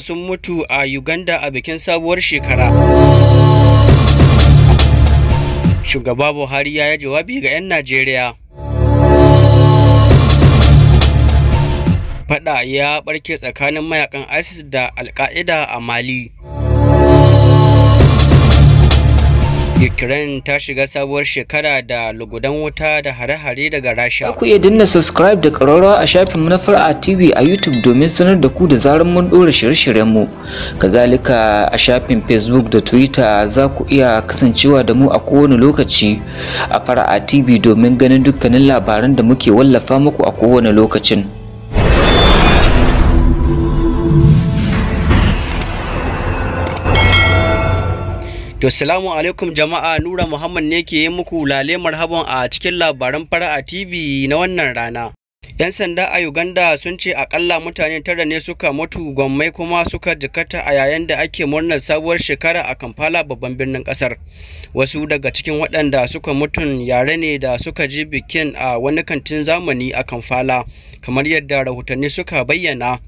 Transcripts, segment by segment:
tara sun mutu a Uganda a bikin sabuwar shekara. Shugaba Buhari ya yi jawabi ga 'yan Najeriya. Fada ya barke tsakanin mayakan ISIS da al Al-Qaeda a Mali. Ukraine ta shiga sabuwar shekara da lugudan wuta da hare-hare daga Rasha. Ku iya dinna subscribe da ƙararrawa a shafin na Far'a TV a YouTube domin sanar da ku da zarar mun ɗora shirye mu Kazalika a shafin Facebook da Twitter za ku iya kasancewa da mu a kowane lokaci a Far'a TV domin ganin dukkanin labaran da muke wallafa muku a kowane lokacin. To salamu alaikum jama'a Nura Muhammad ne ke yi muku lale marhaban a cikin labaran fara'a TV na wannan rana. 'Yan sanda a Uganda sun ce akalla mutane tara ne suka mutu gwammai kuma suka jikata a yayin da ake murnar sabuwar shekara a Kampala babban birnin kasar. Wasu daga cikin waɗanda suka mutun yare ne da suka ji bikin a wani kantin zamani a Kampala kamar yadda rahotanni suka bayyana.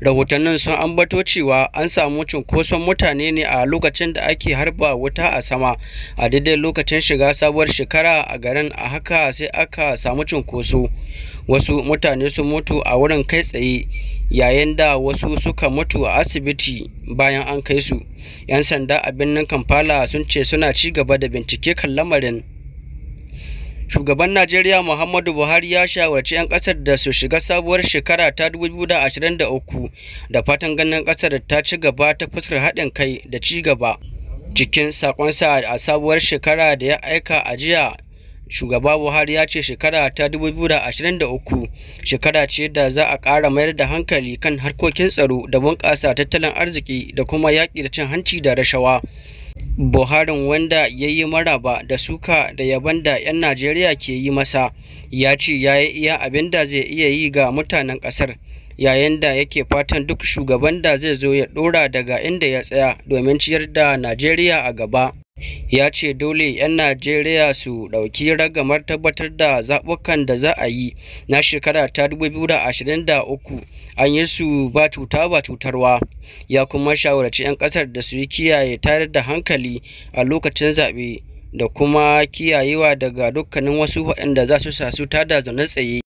rahotannin sun ambato cewa an samu cunkoson mutane ne a lokacin da ake harba wuta a sama a daidai lokacin shiga sabuwar shekara a garin a haka sai aka samu cunkoso wasu mutane sun mutu a wurin kai tsaye yayin da wasu suka mutu a asibiti bayan an kai su 'yan sanda a birnin kampala sun ce suna ci gaba da bincike kan lamarin shugaban najeriya muhammadu buhari ya shawarci 'yan ƙasar da su shiga sabuwar shekara ta 2023 da fatan ganin kasar ta ci gaba ta fuskar haɗin kai da ci gaba cikin sakonsa a sabuwar shekara da ya aika a jiya shugaba buhari ya ce shekara ta 2023 shekara ce da za a ƙara mayar da hankali kan harkokin tsaro da bunƙasa tattalin arziki da kuma yaƙi da cin hanci da rashawa Buharin wanda ya yi maraba da suka da yaban da 'yan Najeriya ke yi masa ya ce ya yi iya abin da zai iya yi ga mutanen ƙasar yayin da yake fatan duk shugaban da zai zo ya ɗora daga inda ya tsaya domin ciyar da Najeriya a gaba. Ya ce dole ‘yan Najeriya su ɗauki ragamar tabbatar da zaɓukan da za a yi na shekara ta 2023 an yi su ba cuta ba cutarwa, ya kuma shawarci ‘yan ƙasar da su yi kiyaye tare da hankali a lokacin zaɓe da kuma kiyayewa daga dukkanin wasu waɗanda za su sa su tada zaune tsaye.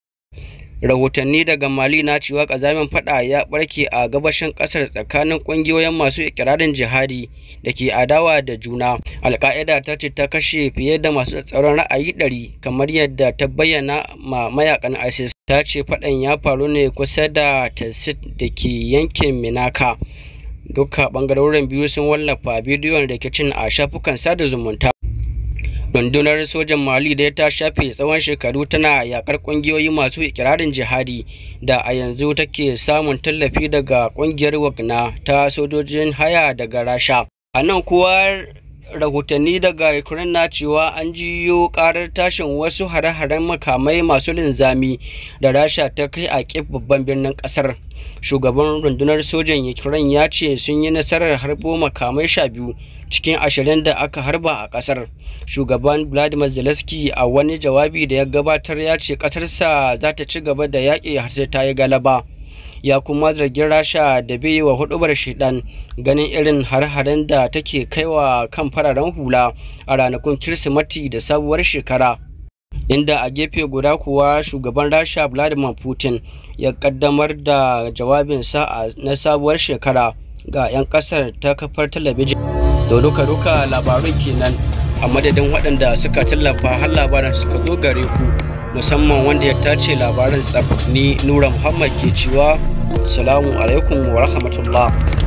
rahotanni daga mali na cewa kazamin fada ya barke a gabashin kasar tsakanin kungiyoyin masu ikirarin jihadi da ke adawa da juna alka'ida ta ce ta kashe fiye da masu tsaron ra'ayi ɗari kamar yadda ta bayyana ma mayakan isis ta ce fadan ya faru ne kusa da tasit da ke yankin minaka duka bangarorin biyu sun wallafa bidiyon rikicin a shafukan sada zumunta rundunar sojan mali da ya ta shafe tsawon shekaru tana yakar kungiyoyi masu ikirarin jihadi da a yanzu take samun tallafi daga kungiyar wagna ta sojojin haya daga rasha a nan kuwa rahotanni daga ukraine na cewa an jiyo karar tashin wasu hare-haren makamai masu linzami da rasha ta kai a kif babban birnin kasar shugaban rundunar sojan ukraine ya ce sun yi nasarar harbo makamai sha biyu cikin ashirin da aka harba a kasar shugaban vladimir zelensky a wani jawabi da ya gabatar ya ce kasarsa za ta ci gaba da yaƙi har sai ta yi galaba ya kuma zargin rasha da bai wa hudubar shidan ganin irin har-haren da take kaiwa kan fararen hula a ranakun kirsimati da sabuwar shekara inda a gefe guda kuwa shugaban rasha vladimir putin ya kaddamar da jawabinsa na sabuwar shekara ga 'yan kasar ta kafar talabijin to duka duka labarun kenan a madadin waɗanda suka tallafa har labaran suka zo gare ku musamman wanda ya tace labarin tsaf nura muhammad ke cewa salamu alaikum wa rahmatullah